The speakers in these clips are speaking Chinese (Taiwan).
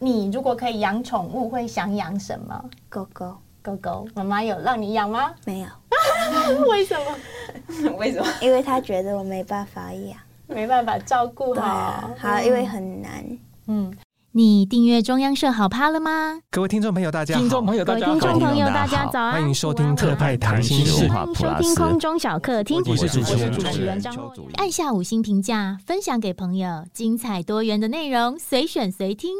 你如果可以養寵物，會想養什麼？狗狗，狗狗。媽媽有讓你養嗎？沒有。為什麼？為什麼？因為他覺得我沒辦法養，沒辦法照顧好，好，因為很難。嗯，你訂閱中央社好趴了嗎？各位聽眾朋友，大家好，各位聽眾朋友，大家早安，歡迎收聽特派談新事，文化普拉斯，收聽空中小客廳，我是主持人張若瑤，按下五星評價，分享給朋友，精彩多元的內容，隨選隨聽。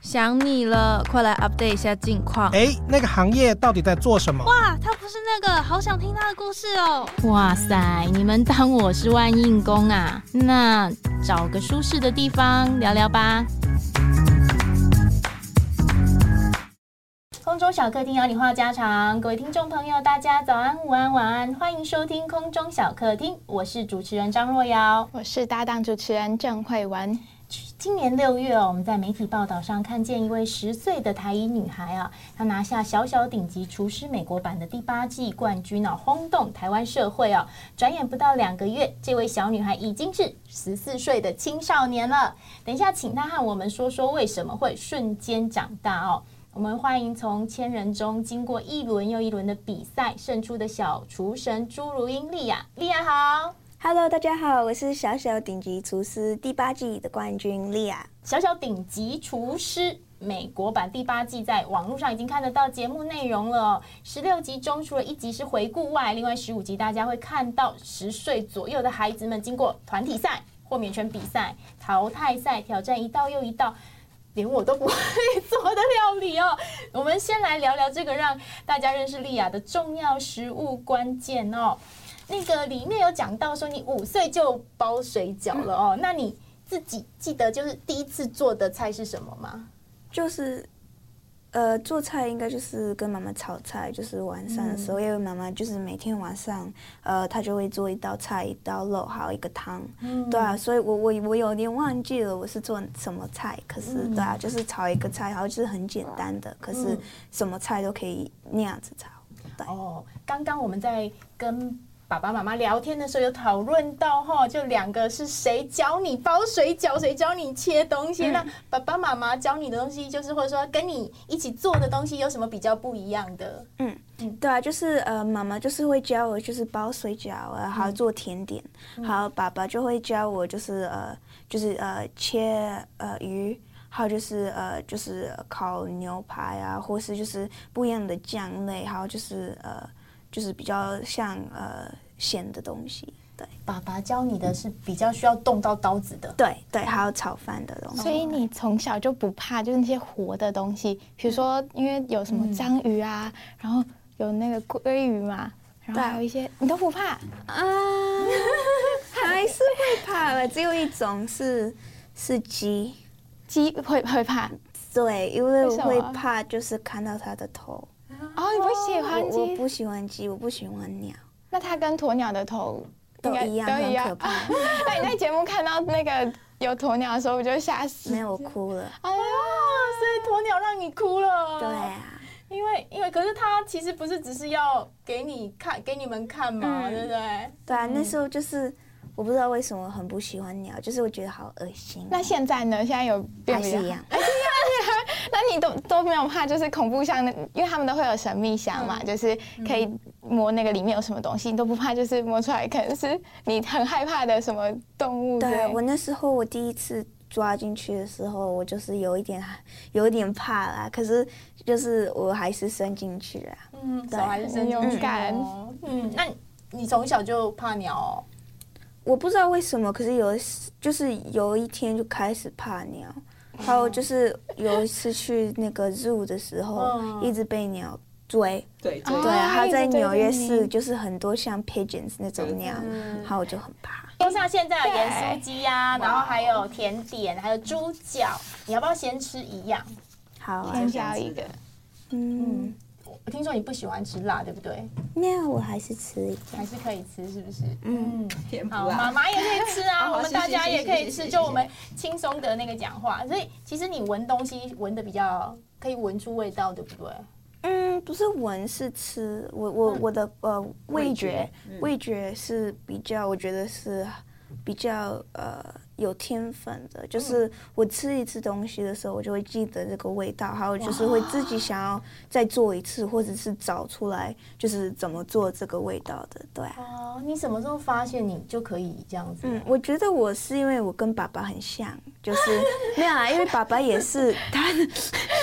想你了，快來 update 一下近況。哎，那個行業到底在做什麼？哇，他不是那個，好想聽他的故事哦。哇塞，你們當我是萬應公啊？那找個舒適的地方聊聊吧。空中小客廳邀你話家常，各位聽眾朋友，大家早安、午安、晚安，歡迎收聽空中小客廳，我是主持人張若瑤，我是搭檔主持人鄭惠文。今年六月、哦、我們在媒體報道上看見一位十歲的台裔女孩啊、哦，她拿下《小小頂級廚師》美國版的第八季冠軍呢、哦，轟動台灣社會哦。轉眼不到兩個月，這位小女孩已經是十四歲的青少年了。等一下，請她和我們說說為什麼會瞬間長大哦。我們歡迎從千人中經過一輪又一輪的比賽勝出的小廚神朱如茵利亞，利亞好，Hello，大家好，我是小小頂級廚師第八季的冠軍利亞。莉小小頂級廚師美國版第八季在網絡上已經看得到節目內容了，十六集中除了一集是回顧外，另外十五集大家會看到十歲左右的孩子們經過團體賽、豁免權比賽、淘汰賽，挑戰一道又一道。連我都不會做的料理哦。我們先來聊聊這個讓大家認識莉亞的重要食物關鍵哦。那個裡面有講到說，你五歲就包水餃了哦。那你自己記得就是第一次做的菜是什麼嗎？就是。呃，做菜應該就是跟媽媽炒菜，就是晚上的時候，嗯、因為媽媽就是每天晚上，呃，她就會做一道菜、一道肉，還有一個湯，嗯、對啊，所以我我我有點忘記了，我是做什麼菜，可是、嗯、對啊，就是炒一個菜，然後就是很簡單的，嗯、可是什麼菜都可以那樣子炒。對哦，剛剛我們在跟。爸爸媽媽聊天的時候有討論到哈，就兩個是誰教你包水餃，誰教你切東西。那爸爸媽媽教你的東西，就是或者說跟你一起做的東西，有什麼比較不一樣的？嗯嗯，對啊，就是呃，媽媽就是會教我，就是包水餃啊，還有做甜點，還有、嗯、爸爸就會教我，就是呃，就是呃，切呃魚，還有就是呃，就是烤牛排啊，或是就是不一樣的醬類，還有就是呃，就是比較像呃。鹹的東西，對，爸爸教你的是比較需要動到刀子的，對對，還有炒飯的東西。所以你從小就不怕，就是那些活的東西，比如說因為有什麼章魚啊，嗯、然後有那個鮭魚嘛，然後還有一些對你都不怕啊，還是會怕了。只有一種是是雞，雞會會怕，對，因為我會怕就是看到它的頭。哦，你不喜歡雞？我不喜歡雞，我不喜歡鳥。那它跟鴕鳥的頭應該都一樣？都一樣。 那你在節目看到那個有鴕鳥的時候我，我就嚇死。沒有，我哭了。哎呀，所以鴕鳥讓你哭了。對啊，因為因為可是它其實不是只是要給你看給你們看嘛，嗯、對不對？對啊，那時候就是我不知道為什麼很不喜歡鳥，就是我覺得好噁心、欸。那現在呢？現在有變不一樣？還是一樣？ 那你都都沒有怕，就是恐怖箱，因為他們都會有神秘箱嘛，就是可以摸那個裡面有什麼東西，你都不怕，就是摸出來可能是你很害怕的什麼動物。對，我那時候我第一次抓進去的時候，我就是有一點有一點怕啦，可是就是我還是伸進去啦，嗯，我還是很勇敢。嗯，那你從小就怕鳥？我不知道為什麼，可是有就是有一天就開始怕鳥。還有就是有一次去那個 zoo 的時候，一直被鳥追。哦、對對，對，他在紐約市就是很多像 pigeons 那種鳥，然後我就很怕。就像現在有鹽酥雞啊，對然後還有甜點，還有豬腳，你要不要先吃一樣？好、啊，先挑一個。嗯。嗯我聽說你不喜歡吃辣，對不對？那、no, 我還是吃一點，還是可以吃，是不是？嗯，啊、好，媽媽也可以吃啊， 我們大家也可以吃， 謝謝，就我們輕鬆的那個講話。謝謝，謝謝，所以其實你聞東西聞得比較，可以聞出味道，對不對？嗯，不是聞是吃，我我我的、嗯、呃味覺味覺、嗯、味覺是比較，我覺得是比較呃。有天分的，就是我吃一次東西的時候，我就會記得這個味道，還有就是會自己想要再做一次，或者是找出來就是怎麼做這個味道的，對、啊。哦、你什麼時候發現你就可以這樣子？嗯，我覺得我是因為我跟爸爸很像，就是沒有啊，因為爸爸也是，他的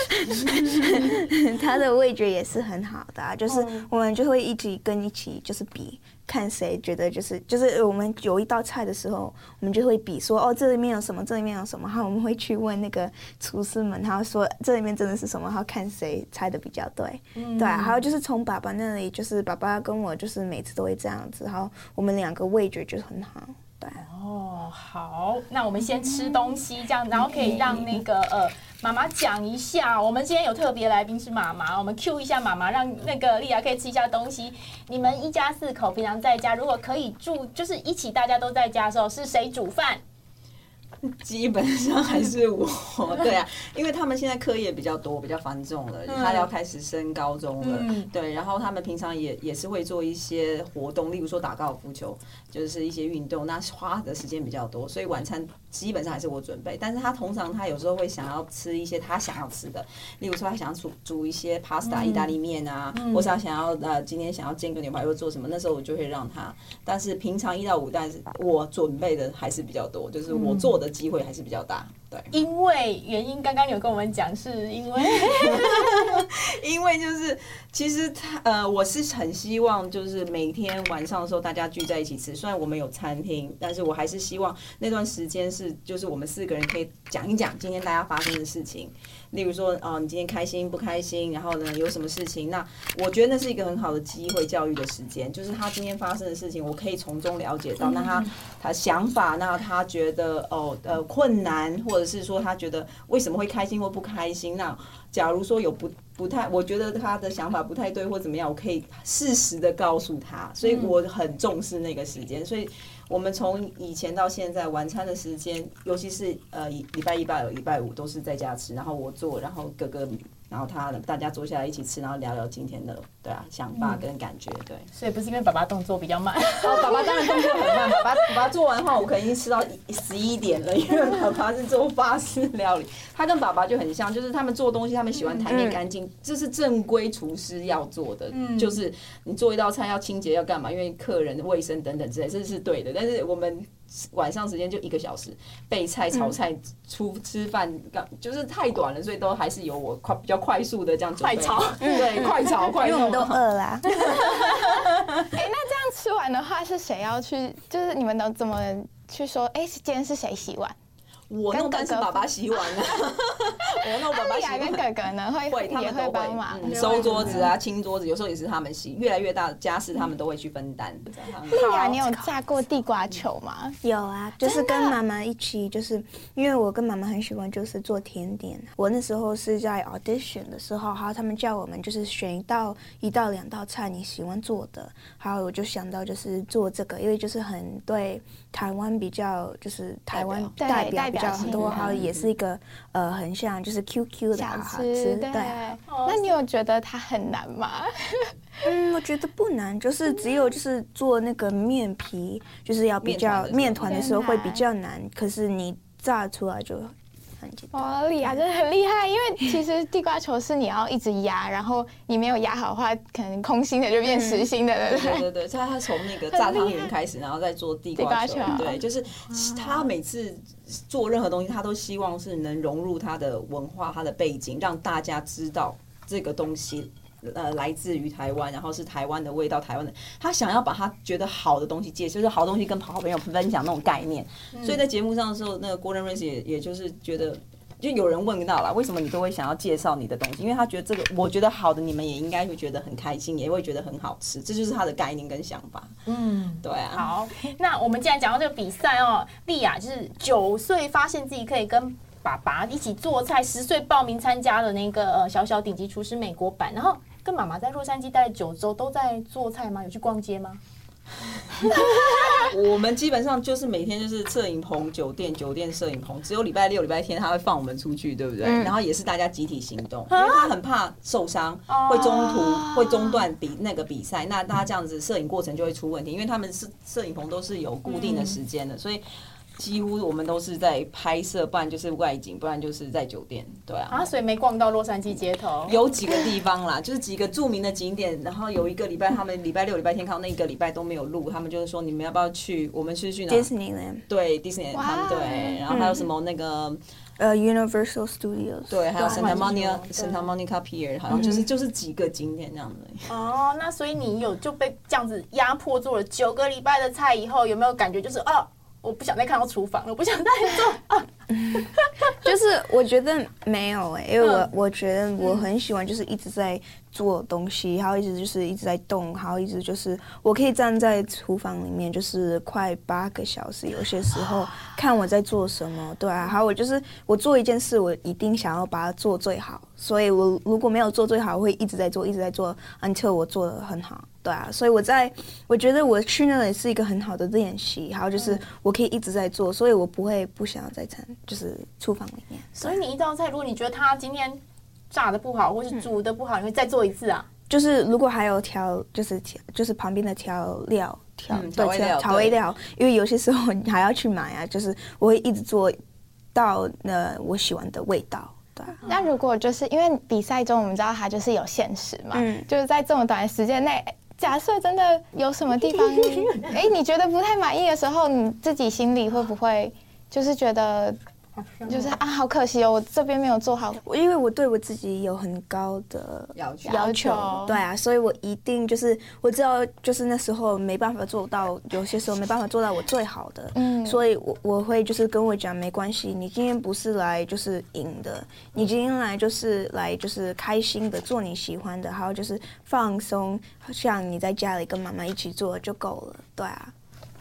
他的味覺也是很好的啊。就是我們就會一起跟一起就是比看誰覺得就是就是我們有一道菜的時候，我們就會比說哦，這裡面有什麼，這裡面有什麼哈。我們會去問那個廚師們，然後說這裡面真的是什麼，好看誰猜的比較對，對、啊。還有、嗯、就是從爸爸那裡，就是爸爸跟我就是每次都會這樣子哈。我們兩個味覺就很好，對。哦，oh, 好，那我們先吃東西，這樣，然後可以讓那個 Okay. 呃媽媽講一下，我們今天有特別來賓是媽媽，我們 Q 一下媽媽，讓那個麗雅可以吃一下東西。你們一家四口平常在家，如果可以煮，就是一起大家都在家的時候，是誰煮飯？基本上還是我 對啊，因為他們現在課業比較多，比較繁重了，嗯、他要開始升高中了，嗯、對，然後他們平常也也是會做一些活動，例如說打高爾夫球。就是一些運動，那花的時間比較多，所以晚餐基本上還是我準備。但是他通常他有時候會想要吃一些他想要吃的，例如說他想要煮煮一些 pasta、嗯、意大利麵啊，或是他想要呃今天想要煎個牛排又做什麼？那時候我就會讓他。但是平常一到五，但是我準備的還是比較多，就是我做的機會還是比較大。嗯對，因為原因，剛剛你有跟我們講，是因為， 因為就是其實他呃，我是很希望就是每天晚上的時候大家聚在一起吃，雖然我們有餐廳，但是我還是希望那段時間是就是我們四個人可以講一講今天大家發生的事情。例如說，哦，你今天開心不開心？然後呢，有什麼事情？那我覺得那是一個很好的機會教育的時間，就是他今天發生的事情，我可以從中了解到，那他他想法，那他覺得哦呃困難，或者是說他覺得為什麼會開心或不開心？那假如說有不不太，我覺得他的想法不太對或怎麼樣，我可以適時的告訴他。所以我很重視那個時間，所以。我們從以前到現在，晚餐的時間，尤其是呃，禮拜一拜、拜一到拜五，都是在家吃，然後我做，然後哥哥。然後他大家坐下來一起吃，然後聊聊今天的對啊，想法跟感覺，對、嗯。所以不是因為爸爸動作比較慢，好，爸爸當然動作很慢，爸爸，爸、爸做完的話我可能已經吃到十一點了，因為爸爸是做法式料理，他跟爸爸就很像，就是他們做東西，他們喜歡台面乾淨，嗯嗯、這是正規廚師要做的，嗯、就是你做一道菜要清潔要幹嘛，因為客人的衛生等等之類，這是對的。但是我們。晚上時間就一個小時，備菜、炒菜、嗯、出吃飯，剛就是太短了，所以都還是由我快比較快速的這樣。快炒，對，快炒，快。因為我們都餓啦。哎、 欸，那這樣吃完的話，是誰要去？就是你們能怎麼去說？哎、欸，今天是誰洗碗？我弄，干是爸爸洗碗呢。我弄，爸爸跟哥哥呢會，他們都會幫忙收桌子啊、清桌子，有時候也是他們洗。越來越大，家事他們都會去分擔。麗雅，你有炸過地瓜球嗎？有啊，就是跟媽媽一起，就是因為我跟媽媽很喜歡就是做甜點。我那時候是在 audition 的時候，哈，他們叫我們就是選一道一道兩道菜你喜歡做的，然後，我就想到就是做這個，因為就是很對台灣比較就是台灣代表。很多，哈也是一個，呃，很像就是 QQ 的好好吃。吃，對。那你有覺得它很難嗎？ 嗯，我覺得不難，就是只有就是做那個面皮，就是要比較面糰，就是，面糰的時候會比較難，較難，可是你炸出來就。很厲害。哇，厲害，真的很厲害！因為其實地瓜球是你要一直壓， 然後你沒有壓好的話，可能空心的就變實心的了。嗯、對對對， 他他從那個炸湯圓開始，然後再做地瓜球，瓜球對，就是他每次做任何東西，他都希望是能融入他的文化、他的背景，讓大家知道這個東西。呃，來自於台灣，然後是台灣的味道，台灣的。他想要把他覺得好的東西介紹，就是好東西跟好朋友分享那種概念。嗯、所以在節目上的時候，那個 Gordon Ramsay 也也就是覺得，就有人問到了，為什麼你都會想要介紹你的東西？因為他覺得這個我覺得好的，你們也應該會覺得很開心，也會覺得很好吃。這就是他的概念跟想法。嗯，對啊。好，那我們既然講到這個比賽哦，麗雅就是九歲發現自己可以跟爸爸一起做菜，十歲報名參加的那個小小頂級廚師美國版，然後。跟媽媽在洛杉磯待了九周，都在做菜嗎？有去逛街嗎？ 我們基本上就是每天就是攝影棚、酒店、酒店攝影棚，只有禮拜六、禮拜天他會放我們出去，對不對？嗯、然後也是大家集體行動，嗯、因為他很怕受傷、啊，會中途會中斷比那個比賽，那大家這樣子攝影過程就會出問題，因為他們是攝影棚都是有固定的時間的，嗯、所以。幾乎我們都是在拍攝，不然就是外景，不然就是在酒店，對啊。啊，所以沒逛到洛杉磯街頭。有幾個地方啦，就是幾個著名的景點。然後有一個禮拜，他們禮拜六、禮拜天，剛好那個禮拜都沒有錄，他們就是說，你們要不要去？我們去去哪？Disneyland。對，Disneyland。哇。對，然後還有什麼那個呃 Universal Studios？對，還有 Santa Monica，Santa Monica Pier，好像就是就是幾個景點這樣子。哦，那所以你有就被這樣子壓迫做了九個禮拜的菜以後，有沒有感覺就是哦？我不想再看到廚房了，我不想再做。 啊， 就是我覺得沒有哎、欸，因為我、嗯、我覺得我很喜歡，就是一直在做東西，然後一直就是一直在動，然後一直就是我可以站在廚房裡面，就是快八個小時。有些時候看我在做什麼，對啊，還有我就是我做一件事，我一定想要把它做最好。所以我如果沒有做最好，我會一直在做，一直在做，until 我做得很好。對啊，所以我在，我覺得我去那裡是一個很好的練習。還有就是，我可以一直在做，嗯、所以我不會不想要再餐，就是廚房裡面。所以你一道菜，如果你覺得它今天炸的不，不好，或是煮的不好，你會再做一次啊？就是如果還有調，就是調，就是旁邊的調料，調調調對，調調味料，因為有些時候你還要去買啊。就是我會一直做到那我喜歡的味道。對、啊。嗯、那如果就是因為比賽中，我們知道它就是有限時嘛，嗯、就是在這麼短的時間內。假設真的有什麼地方，哎、 欸，你覺得不太滿意的時候，你自己心裡會不會就是覺得？就是啊，好可惜哦，我這邊沒有做好。我因為我對我自己有很高的要求，要求，對啊，所以我一定就是我知道，就是那時候沒辦法做到，有些時候沒辦法做到我最好的。 嗯，所以我我會就是跟我講，沒關係，你今天不是來就是贏的，你今天來就是來就是開心的做你喜歡的，還有就是放鬆，像你在家裡跟媽媽一起做就夠了，對啊。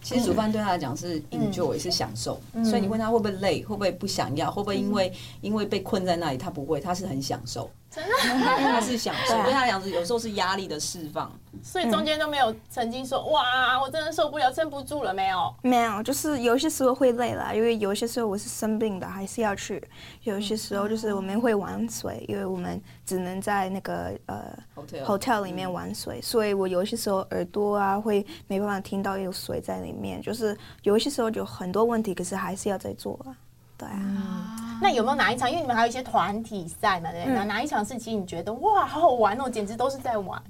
其實煮飯對他來講是 enjoy，嗯，是享受，嗯，所以你問他會不會累，會不會不想要，會不會因為，嗯，因為被困在那裡，他不會，他是很享受。嗯嗯、 他是想，對他來講是有時候是壓力的釋放，所以中間都沒有曾經說哇，我真的受不了，撐不住了，沒有，沒有，就是有些時候會累了，因為有些時候我是生病的，還是要去；有些時候就是我們會玩水，因為我們只能在那個呃 hotel hotel 裡面玩水，所以我有些時候耳朵啊會沒辦法聽到有水在裡面，就是有些時候就很多問題，可是還是要再做啊，對啊。嗯那有沒有哪一場？因為你們還有一些團體賽嘛，對哪、嗯、哪一場是其實你覺得哇，好好玩哦，喔，簡直都是在玩。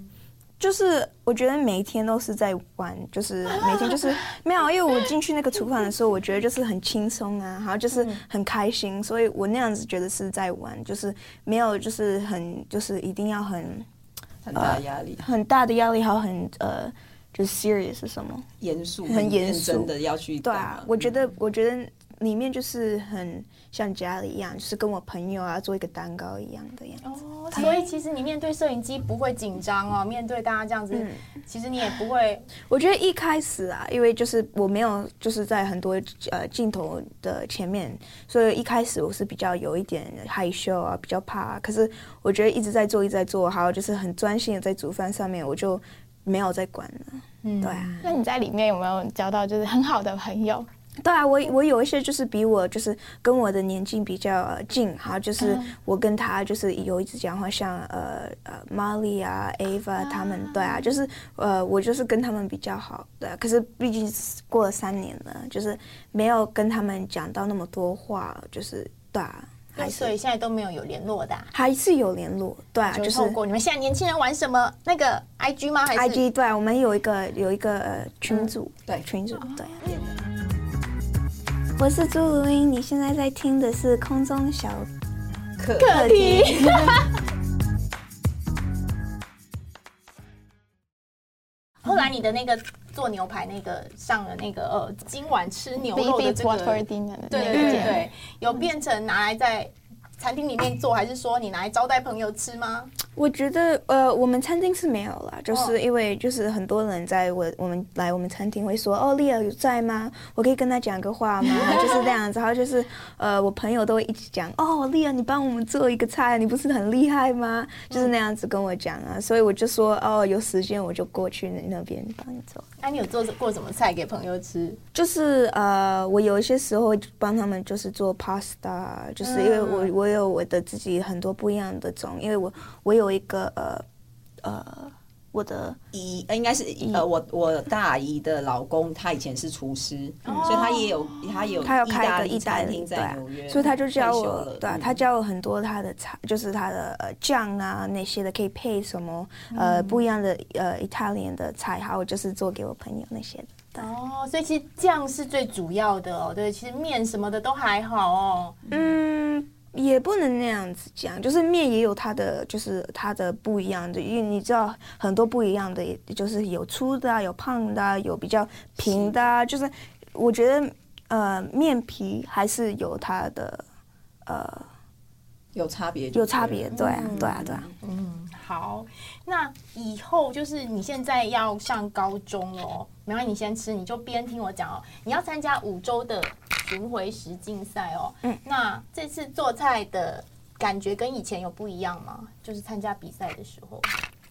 就是我覺得每一天都是在玩，就是每天就是，啊，沒有，因為我進去那個廚房的時候，我覺得就是很輕鬆啊， 然後就是很開心，所以我那樣子覺得是在玩，就是沒有就是很就是一定要很很大的壓力，呃，很大的壓力，還有很呃就是 serious 是什麼？嚴肅，很嚴肅的要去啊對啊。我覺得，我覺得。裡面就是很像家裡一樣，就是跟我朋友啊做一個蛋糕一樣的樣子。哦，oh, 所以其實你面對攝影機不會緊張哦，面對大家這樣子，嗯、其實你也不會。我覺得一開始啊，因為就是我沒有就是在很多呃鏡頭的前面，所以一開始我是比較有一點害羞啊，比較怕。可是我覺得一直在做，一直在做，還有就是很專心的在煮飯上面，我就沒有再管了。嗯，對啊。那你在裡面有沒有交到就是很好的朋友？對啊，我我有一些就是比我就是跟我的年紀比較近哈，嗯、然後就是我跟他就是有一次講話，像呃呃 Molly 啊，Ava、啊、他們，對啊，就是呃我就是跟他們比較好，對、啊。可是畢竟過了三年了，就是沒有跟他們講到那麼多話，就是對啊，還是所以現在都沒有有聯絡的、啊，還是有聯絡，對啊，就，就是你們現在年輕人玩什麼那個 IG 嗎？還是 IG 對、啊，我們有一個有一個群組，嗯、對群組對、啊。嗯我是朱如茵，你現在在聽的是《空中小客可 廳。 後來你的那個做牛排那個上了那個呃，今晚吃牛肉的這個，對對，對，對，有變成拿來在餐廳裡面做，還是說你拿來招待朋友吃嗎？我覺得呃，我們餐廳是沒有了，就是因為就是很多人在我我們來我們餐廳會說哦，Liya 有在嗎？我可以跟他講個話嗎？ 就是這樣子，然後就是呃，我朋友都會一起講哦，Liya，你幫我們做一個菜，你不是很厲害嗎？就是那樣子跟我講啊，所以我就說哦、呃，有時間我就過去那那邊幫你做。那、啊、你有做過什麼菜給朋友吃？就是呃，我有一些時候幫他們就是做 pasta，就是因為我我。嗯有我的自己很多不一樣的種，因為我我有一個呃呃我的姨應該是姨呃我我大姨的老公，他以前是廚師，嗯、所以他也有他也有他要開一個意大利餐廳在紐約，所以他就教我，對、啊，他教我很多他的菜，就是他的醬、呃、啊那些的可以配什麼、嗯、呃不一樣的呃 Italian 的菜，還有就是做給我朋友那些的哦，所以其實醬是最主要的哦，對，其實麵什麼的都還好哦，嗯。也不能那樣子講，就是麵也有它的，就是它的不一樣的。因為你知道很多不一樣的，就是有粗的啊，有胖的啊，有比較平的啊，是就是我覺得呃，麵皮還是有它的，呃，有差別，有差別，對啊，對啊，對啊，嗯，好，那以後就是你現在要上高中了，沒關係，你先吃，你就邊聽我講，哦，你要參加五週的。巡迴實競賽哦，嗯，那這次做菜的感覺跟以前有不一樣嗎？就是參加比賽的時候，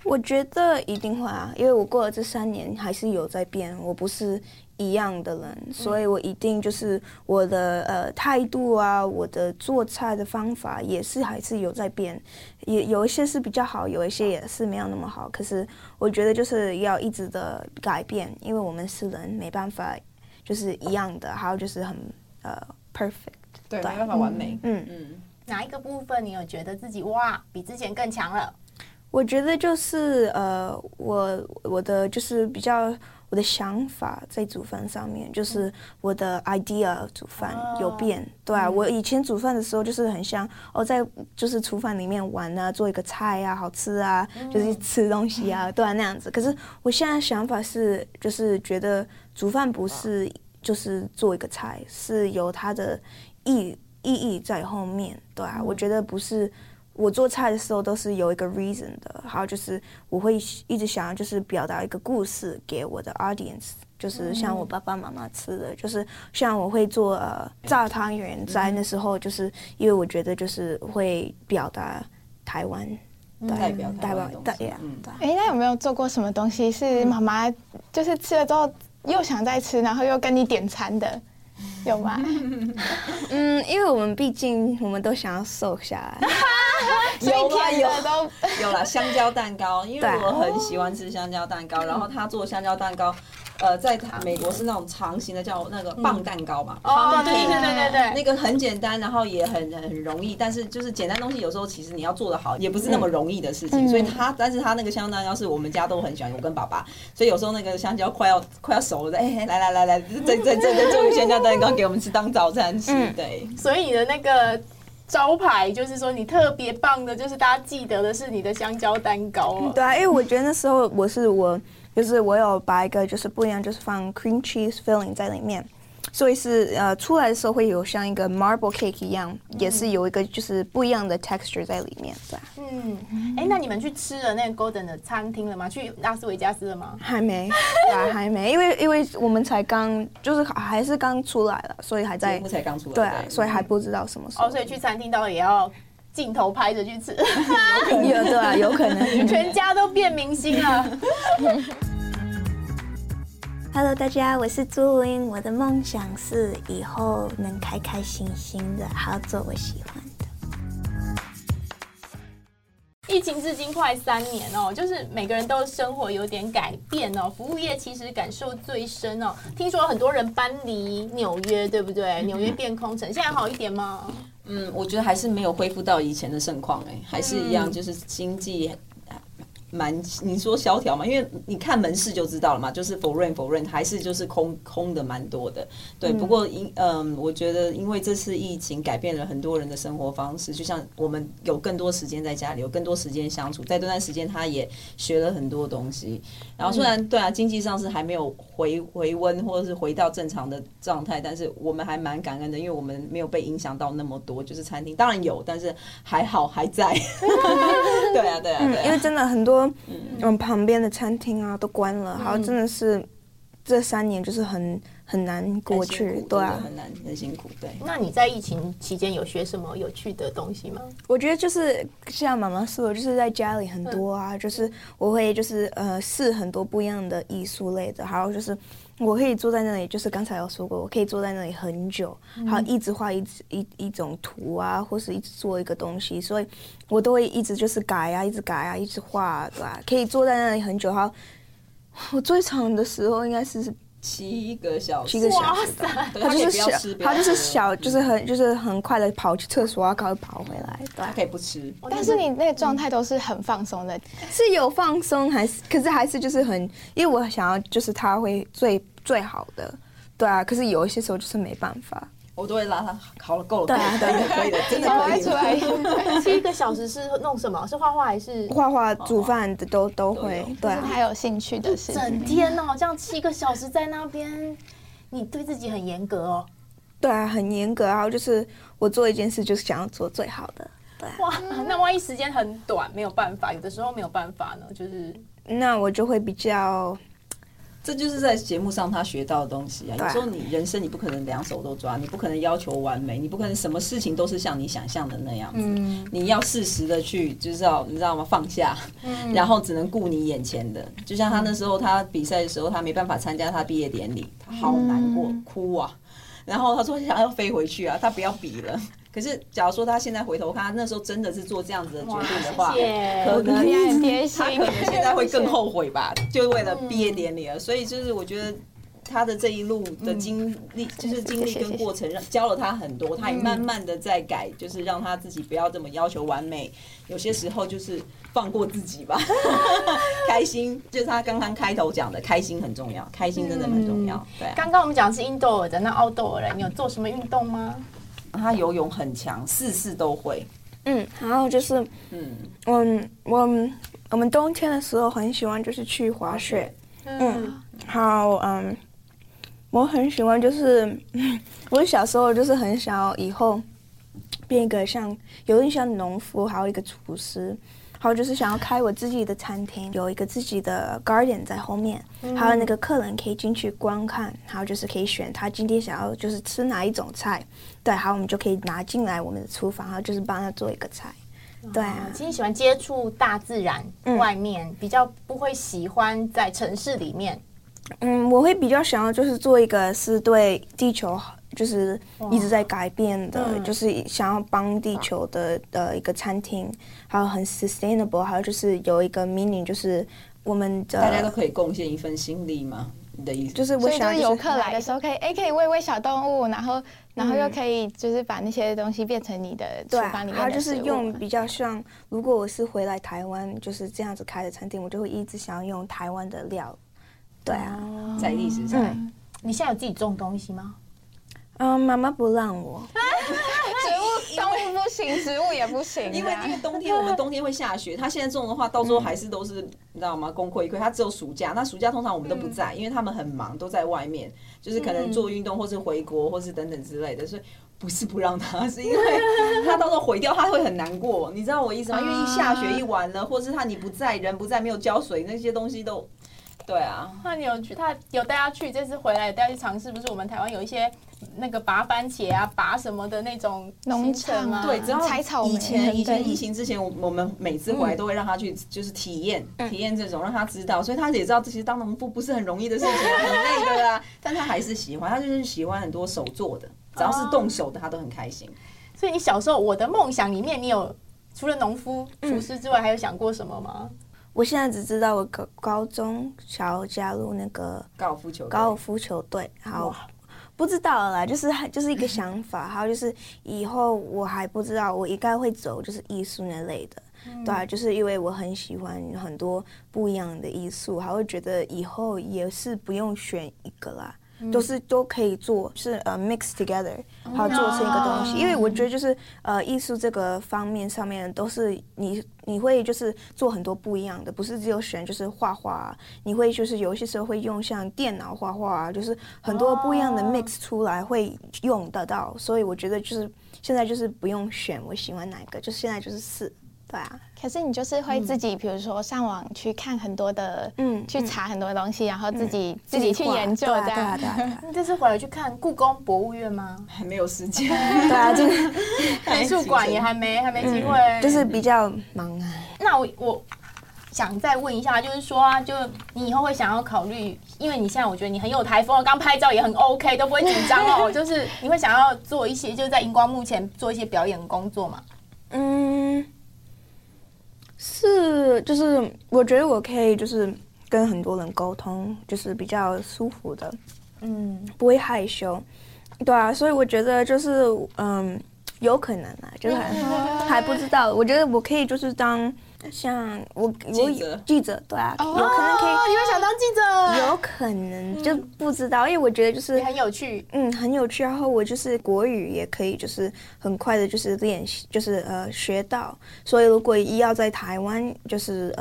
我覺得一定會啊，因為我過了這三年還是有在變，我不是一樣的人，所以我一定就是我的呃態度啊，我的做菜的方法也是還是有在變，也有一些是比較好，有一些也是沒有那麼好，可是我覺得就是要一直的改變，因為我們是人沒辦法就是一樣的，哦、還有就是很。呃、uh，perfect，對，對沒辦法完美。嗯嗯，嗯，哪一個部分你有覺得自己哇，比之前更強了？我覺得就是呃，我我的就是比較我的想法，在煮飯上面，就是我的 idea 煮飯有變。哦、對啊，嗯、我以前煮飯的時候就是很像哦，在就是廚房裡面玩啊，做一個菜啊，好吃啊，嗯、就是吃東西啊，嗯、對啊那樣子。可是我現在想法是，就是覺得煮飯不是、哦。就是做一個菜，是有它的意意義在後面，對啊，嗯、我覺得不是，我做菜的時候都是有一個 reason 的，還有、嗯、就是我會一直想要就是表達一個故事給我的 audience，就是像我爸爸媽媽吃的，嗯、就是像我會做呃炸湯圓，在那時候就是因為我覺得就是會表達台灣，代表、嗯、對代表台灣，哎、啊欸，那有沒有做過什麼東西是媽媽就是吃了之後，又想再吃，然後又跟你點餐的，有嗎？ 嗯，因為我們畢竟我們都想要瘦下來，有嗎？有都 有啦，香蕉蛋糕，因為我很喜歡吃香蕉蛋糕， 然後他做香蕉蛋糕。 呃，在美國是那種長形的，叫那個棒蛋糕嘛。哦，對對對對對，那個很簡單，然後也很很容易。但是就是簡單東西，有時候其實你要做得好，也不是那麼容易的事情。嗯、所以他，但是他那個香蕉蛋糕是，我們家都很喜歡，我跟爸爸。所以有時候那個香蕉快要快要熟了，哎、欸，來來來來，這這這這做香蕉蛋糕給我們吃當早餐吃，嗯、對。所以你的那個招牌，就是說你特別棒的，就是大家記得的是你的香蕉蛋糕，嗯。對啊，因為我覺得那時候我是我。就是我有把一個就是不一樣，就是放 cream cheese filling 在裡面，所以是呃出來的時候會有像一個 marble cake 一樣，嗯、也是有一個就是不一樣的 texture 在裡面，對嗯，哎、欸，那你們去吃了那個 Gordon 的餐廳了嗎？去拉斯維加斯了嗎？還沒，還 還沒，因為因為我們才剛就是還是剛出來了，所以還在對，對啊，所以還不知道什麼時候。哦，所以去餐廳到底要鏡頭拍着去吃，對啊，有可能、啊、 全家都變明星了。 Hello，大家，我是朱如茵，我的夢想是以後能開開心心的還要做我喜歡。疫情至今快三年哦、喔，就是每個人都生活有點改變哦、喔。服務業其實感受最深哦、喔。聽說很多人搬離紐約，對不對？紐約，嗯哼，變空城，現在好一點嗎？嗯，我覺得還是沒有恢復到以前的盛況哎、欸，還是一樣，就是經濟。嗯蠻，你說蕭條嘛，因為你看門市就知道了嘛，就是 for rent for rent，還是就是空空的蠻多的，對。不過因嗯、呃，我覺得因為這次疫情改變了很多人的生活方式，就像我們有更多時間在家裡，有更多時間相處。在這段時間，他也學了很多東西。然後雖然對啊，經濟上是還沒有回回溫或者是回到正常的狀態，但是我們還蠻感恩的，因為我們沒有被影響到那麼多。就是餐廳當然有，但是還好還在。 對啊對啊對，因為真的很多。嗯，嗯旁邊的餐廳啊都關了，好、嗯、真的是這三年就是很很難過去，對啊，很難很辛苦。對，那你在疫情期間有學什麼有趣的東西嗎？我覺得就是像媽媽說，就是在家裡很多啊，嗯、就是我會就是呃試很多不一樣的藝術類的，還有就是。我可以坐在那裡，就是剛才有說過，我可以坐在那裡很久，好、嗯、一直畫一直一一種圖啊，或是一直做一個東西，所以我都會一直就是改啊，一直改啊，一直畫啊，對吧？可以坐在那裡很久，好，我最長的時候應該是。七個小時，七個小時的，哇塞對他就是小，他就是小，就是很，就是很快的跑去廁所啊，然後趕快跑回來。對啊、他可以不吃，但是你那個狀態都是很放鬆的，嗯、是有放鬆還是？可是還是就是很，因為我想要就是他會最最好的，對啊，可是有一些時候就是沒辦法。我都會拉他，烤了，夠了。對啊，對，可以的，真的可以。七個小時是弄什麼？是畫畫還是畫畫、煮飯的都都會，對，還有興趣的事。整天哦，這樣七個小時在那邊，你對自己很嚴格哦。對啊，很嚴格啊，就是我做一件事就是想要做最好的。對啊，哇，那萬一時間很短，沒有辦法，有的時候沒有辦法呢，就是那我就會比較。這就是在節目上他學到的東西啊！有時候你人生你不可能兩手都抓，你不可能要求完美，你不可能什麼事情都是像你想象的那樣子。你要適時的去，就是要，你知道嗎？放下，然後只能顧你眼前的。就像他那時候，他比賽的時候，他沒辦法參加他畢業典禮，他好難過，哭啊！然後他說想要飛回去啊，他不要比了。可是，假如說他現在回頭看，那時候真的是做這樣子的決定的話，可能他可能現在會更後悔吧。就為了畢業典禮啊，所以就是我覺得他的這一路的經歷，就是經歷跟過程，讓教了他很多，他也慢慢的在改，就是讓他自己不要這麼要求完美。有些時候就是放過自己吧，開心。就是他剛剛開頭講的，開心很重要，開心真的很重要。對。剛剛我們講的是 indoor 的，那 outdoor 的，你有做什麼運動嗎？他游泳很強，事事都會。嗯，然後就是，嗯，我我我們冬天的時候很喜歡就是去滑雪。嗯，好，嗯，我很喜歡就是我小時候就是很想以後，變一個像有點像農夫，還有一個廚師。好，然後就是想要開我自己的餐廳，有一個自己的 garden 在後面，還有、嗯、哼那個客人可以進去觀看，還有就是可以選他今天想要就是吃哪一種菜。對，好，我們就可以拿進來我們的廚房，然後就是幫他做一個菜。哇對、啊，今天喜歡接觸大自然，外面、嗯、比較不會喜歡在城市裡面。嗯，我會比較想要就是做一個是對地球好。就是一直在改變的，哇就是想要幫地球的、嗯、的一個餐廳，好還有很 sustainable，還有就是有一個 meaning，就是我們的大家都可以貢獻一份心力嘛？你的意思就是，我想就是，所以就是遊客來的時候可以哎唉、欸、可以餵餵小動物，然後然後又可以就是把那些東西變成你的廚房裡面的。對、啊，然後就是用比較像，如果我是回來台灣就是這樣子開的餐廳，我就會一直想要用台灣的料。對啊，在歷史上，嗯、你現在有自己種東西嗎？嗯，媽媽、uh, 不讓我。 植物冬天不行，為植物也不行、啊。因為冬天我們冬天會下雪，他現在種的話，到時候還是都是、嗯、你知道嗎？功虧一簣。他只有暑假，那暑假通常我們都不在，嗯、因為他們很忙，都在外面，就是可能做運動，或是回國，或是等等之類的。所以不是不讓他，是因為他到時候毀掉，他會很難過。嗯、你知道我意思嗎？啊、因為一下雪一晚了，或是他你不在，人不在，沒有澆水那些東西都。對啊，他有去，他有帶他去。這次回來也帶他去嘗試，不是我們台灣有一些那個拔番茄啊、拔什麼的那種農、啊、場啊。對，然後採草莓以前草以前疫情之前，我我們每次回來都會讓他去，就是體驗、嗯、體驗這種，讓他知道，所以他也知道，其實當農夫不是很容易的事情，嗯、很累的啦、啊。 但他還是喜歡，他就是喜歡很多手做的，只要是動手的，他都很開心、啊。所以你小時候，我的夢想裡面，你有除了農夫、廚師之外，還有想過什麼嗎？我現在只知道我高高中想要加入那個高爾夫球高爾夫球隊，好，哇不知道了啦，就是就是一個想法，還有 就是以後我還不知道，我應該會走就是藝術那類的，嗯、對、啊，就是因為我很喜歡很多不一樣的藝術，還會覺得以後也是不用選一個啦。都是都可以做，是呃、uh, mix together，好、oh, 做成一個東西。no. 因為我覺得就是呃藝術這個方面上面，都是你你會就是做很多不一樣的，不是只有選就是畫畫，啊，你會就是有些時候會用像電腦畫畫，啊，就是很多不一樣的 mix 出來會用得到。Oh. 所以我覺得就是現在就是不用選，我喜歡哪一個，就現在就是試，對啊。可是你就是會自己，比如說上網去看很多的，嗯，去查很多的東西，嗯、然後自己、嗯、自己去研究哇這樣。對啊，對啊，對啊，你這次回來去看故宮博物院嗎？還沒有時間。 對啊，就美術館也還沒還沒機會、嗯，就是比較忙啊。那我我想再問一下，就是說、啊，就你以後會想要考慮，因為你現在我覺得你很有台風，剛拍照也很 OK，都不會緊張哦。 就是你會想要做一些，就是在熒光幕前做一些表演工作嗎？嗯。是，就是我覺得我可以，就是跟很多人溝通，就是比較舒服的，嗯，不會害羞，對啊，所以我覺得就是，嗯，有可能啊，就是還, 還不知道，我覺得我可以，就是當。像我我記者，我記者，對啊，Oh, 有可能可以，你們想當記者，有可能就不知道，嗯、因為我覺得就是很有趣，嗯，很有趣。然後我就是國語也可以，就是很快的，就是練習，就是呃學到。所以如果一要在台灣，就是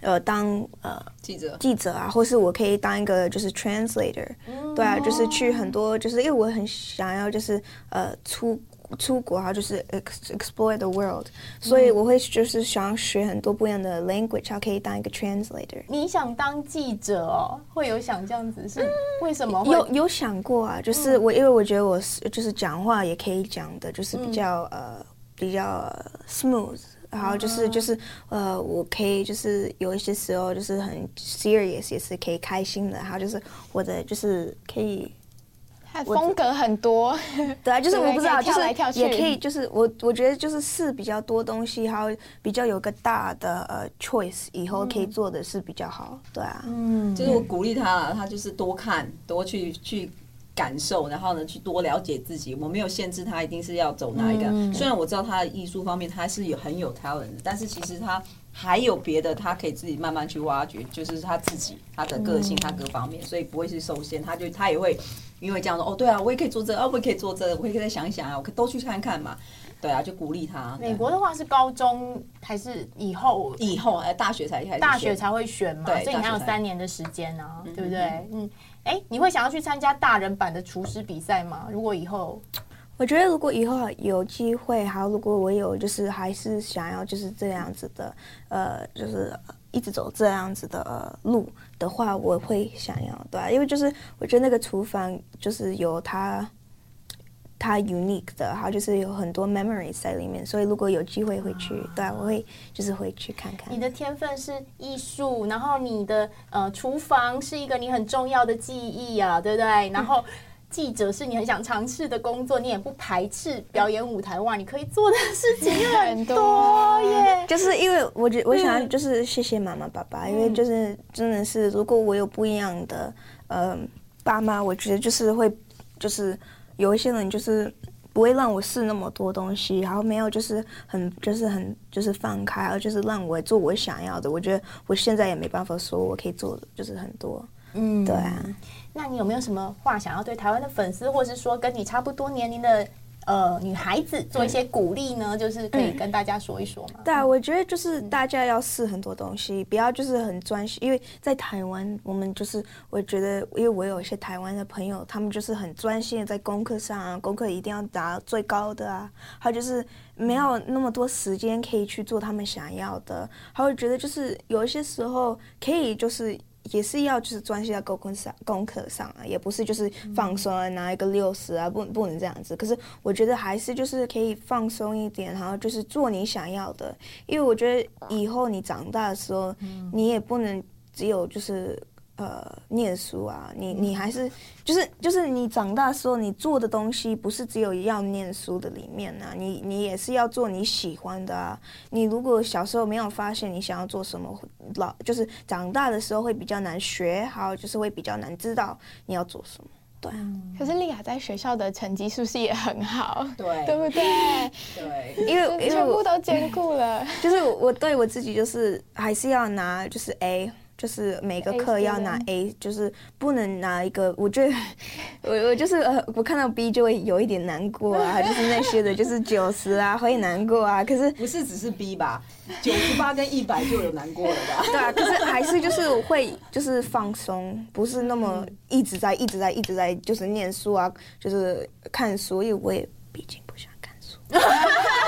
呃當呃當呃記者記者啊，或是我可以當一個就是 translator，、嗯、對啊，就是去很多，哦、就是因為我很想要就是呃出。出國，然後就是 explore the world，所以我會就是想學很多不一樣的 language，然後可以當一個 translator。你想當記者哦？會有想這樣子是、嗯、為什麼會？有有想過啊，就是我、嗯、因為我覺得我是就是講話也可以講的，就是比較、嗯、呃比較 smooth，然後就是、uh huh. 就是呃我可以就是有一些時候就是很 serious，也是可以開心的，然後就是或者就是可以。風格很多，我 對啊，就是我不知道，對就是也可以，就是我我覺得就是試比較多東西，還有比較有個大的呃、uh, choice，以後可以做的是比較好，對啊，嗯，就是我鼓勵他，他就是多看，多去去感受，然後呢去多了解自己，我沒有限制他一定是要走哪一個，嗯、雖然我知道他的藝術方面他是有很有 talent，但是其實他。還有別的，他可以自己慢慢去挖掘，就是他自己、他的個性、他各方面，嗯、所以不會去受限。他就他也會因為這樣子哦，對啊，我也可以做這，哦，我也可以做這，我也可以再想一想啊，我可以都去看看嘛。對啊，就鼓勵他。美國的話是高中還是以後？以後哎、呃，大學才開始大學才會選嘛，所以你還有三年的時間啊，嗯、哼哼，對不對？嗯，哎、欸，你會想要去參加大人版的廚師比賽嗎？如果以後。我覺得如果以後有機會，好，如果我有，就是還是想要就是這樣子的，呃，就是一直走這樣子的、呃、路的話，我會想要對、啊，因為就是我覺得那個廚房就是有它，它 unique 的，好，就是有很多 memories 在裡面，所以如果有機會回去，啊、對、啊，我會就是回去看看。你的天分是藝術，然後你的呃廚房是一個你很重要的記憶啊，對不對？然後。嗯記者是你很想嘗試的工作，你也不排斥表演舞台。哇，你可以做的事情很多耶。 對啊、Yeah. 就是因為我覺，我想要就是謝謝媽媽爸爸，嗯、因為就是真的是，如果我有不一樣的呃爸媽，我覺得就是會就是有一些人就是不會讓我試那麼多東西，然後沒有就是很就是很就是放開，而就是讓我做我想要的。我覺得我現在也沒辦法說我可以做的就是很多，嗯，對啊。那你有沒有什麼話想要對台灣的粉絲，或是說跟你差不多年齡的呃女孩子做一些鼓勵呢？嗯、就是可以跟大家說一說嗎？對啊，我覺得就是大家要試很多東西，不要就是很專心。因為在台灣，我們就是我覺得，因為我有一些台灣的朋友，他們就是很專心的在功課上啊，功課一定要達最高的啊。還有就是沒有那麼多時間可以去做他們想要的。還有我覺得就是有一些時候可以就是。也是要就是專心在功課上，功課上啊，也不是就是放鬆啊，拿一個六十啊，不，不能這樣子。可是我覺得還是就是可以放鬆一點，然後就是做你想要的，因為我覺得以後你長大的時候，嗯、你也不能只有就是。呃，念書啊，你你還是就是就是你長大時候你做的東西不是只有要念書的裡面啊，你你也是要做你喜歡的啊。你如果小時候沒有發現你想要做什麼，老就是長大的時候會比較難學，還有就是會比較難知道你要做什麼。對啊。可是莉亞在學校的成績是不是也很好？對， 對不對？對因，因為全部都兼顧了。 就是我對我自己就是還是要拿就是 A。就是每個課要拿 A，, A 就是不能拿一個。我覺得，我我就是呃，我看到 B 就會有一點難過啊， 就是那些的就是九十啊會難過啊。可是不是只是 B 吧，九十八跟一百就有難過了吧？ 對啊，可是還是就是會就是放鬆，不是那麼一直在一直在一直在就是念書啊，就是看書，因為我也畢竟不喜歡看書。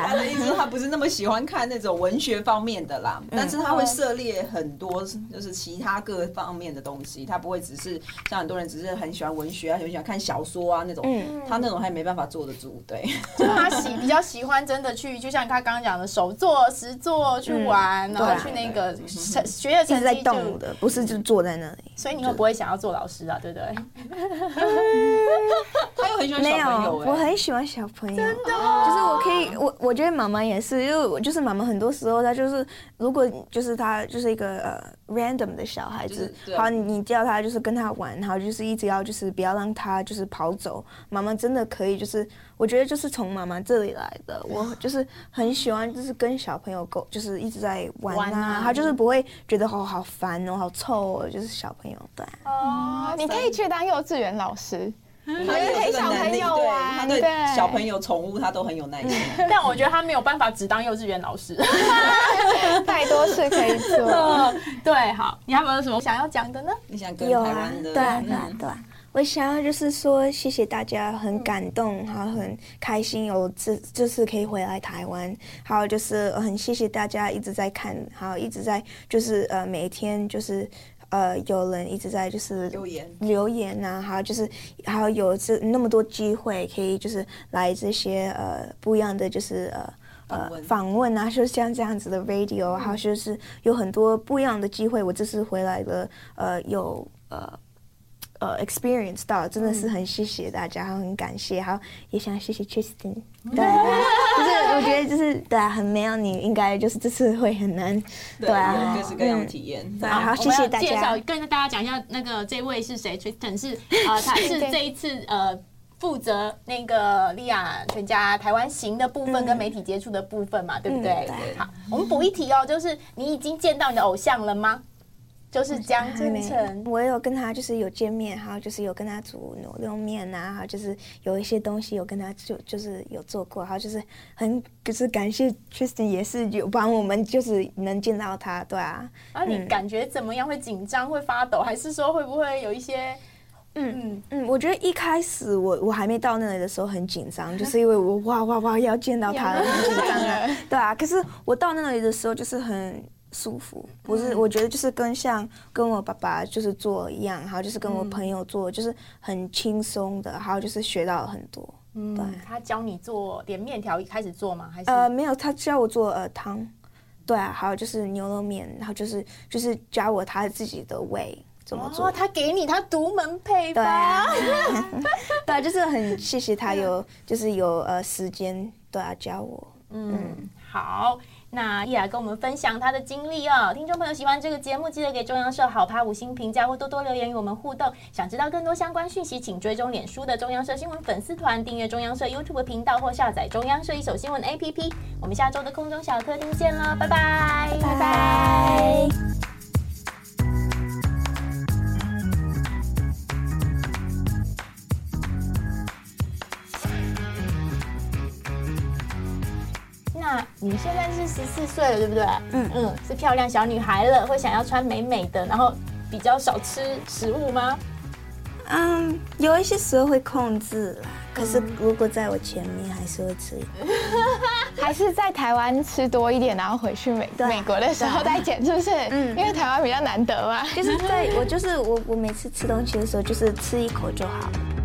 他的意思是他不是那麼喜歡看那種文學方面的啦，嗯、但是他會涉獵很多，就是其他各方面的東西。嗯、他不會只是像很多人只是很喜歡文學啊，很喜歡看小說啊那種。嗯、他那種他也沒辦法坐得住，對。就是他喜比較喜歡真的去，就像他剛剛講的，手做、實做去玩、啊，嗯啊、然後去那個對對學的東西。是在動的，不是就坐在那裡。所以你會不會想要做老師啊？對不對，對？他又就、嗯、很喜歡小朋友哎、欸，我很喜歡小朋友，真的、哦，就是我可以我。我覺得媽媽也是，因為我就是媽媽，很多時候她就是，如果就是她就是一個呃、uh, random 的小孩子，好、就是，你叫她就是跟她玩，然後就是一直要就是不要讓她就是跑走。媽媽真的可以，就是我覺得就是從媽媽這裡來的，我就是很喜歡就是跟小朋友溝，就是一直在玩啊，玩啊她就是不會覺得好、哦、好煩哦，好臭哦，就是小朋友的。對哦，以你可以去當幼稚園老師。很、嗯、有這個能力，對，對，小朋友、寵對物，他都很有耐心。 但我覺得他沒有辦法只當幼稚園老師， 太多事可以做。 對，好，你還有沒有什麼想要講的呢？你想跟台灣的那男的？我想要就是說，謝謝大家，很感動，還、嗯、很開心有這這次可以回來台灣。還有就是很謝謝大家一直在看，還有一直在就是呃每一天就是。呃，有人一直在就是留言留言啊，就是，還有就是還有有這那麼多機會可以就是來這些呃不一樣的就是呃呃訪問，訪問啊，就像這樣子的 radio，嗯，還有就是有很多不一樣的機會。我這次回來的呃有呃。有呃呃，experience 到真的是很謝謝大家，很感謝，好，也想謝謝 Tristan，對，就是我覺得就是對啊，很沒有你，應該就是這次會很難，對啊，各式各樣的體驗，好好，謝謝大家。介紹跟大家講一下那個這位是誰，Tristan 是啊，他是這一次呃負責那個利亞全家台灣行的部分跟媒體接觸的部分嘛，對不對？好，我們補一題哦，就是你已經見到你的偶像了嗎？就是江振誠，我有跟他就是有見面，還有就是有跟他煮牛肉麵吶、啊，還有就是有一些東西有跟他就就是有做過，然後就是很就是感謝 Tristan，也是有幫我們就是能見到他，對啊。啊，你感覺怎麼樣會？嗯、會緊張？會發抖？還是說會不會有一些？嗯嗯，嗯，我覺得一開始我我還沒到那裡的時候很緊張， 就是因為我哇哇哇要見到他， 很緊張啊，對啊。可是我到那裡的時候就是很。舒服不是，我覺得就是跟像跟我爸爸就是做一樣，還有就是跟我朋友做，嗯、就是很輕鬆的，還有就是學到很多。對。嗯，他教你做，點麵條一開始做嗎？還是？呃，沒有，他教我做呃湯，對啊，還有就是牛肉麵，然後就是就是教我他自己的味怎麼做。哦。他給你，他獨門配方。對啊，就是很謝謝他有就是有呃時間對啊教我。嗯，好，那一來跟我們分享她的經歷哦。聽眾朋友喜歡這個節目，記得給中央社好 POD 五星評價或多多留言與我們互動。想知道更多相關訊息，請追蹤臉書的中央社新聞粉絲團，訂閱中央社 YouTube 頻道或下載中央社一手新聞 APP。我們下周的空中小客廳見嘍，拜拜，拜拜。拜拜你現在是十四歲了，對不對？嗯嗯，是漂亮小女孩了，會想要穿美美的，然後比較少吃食物嗎？嗯，有一些時候會控制啦，可是如果在我前面還是會吃。嗯、 還是在台灣吃多一點，然後回去美對美國的時候再減，對是不是？嗯，因為台灣比較難得嘛。就是在我就是我我每次吃東西的時候，就是吃一口就好了。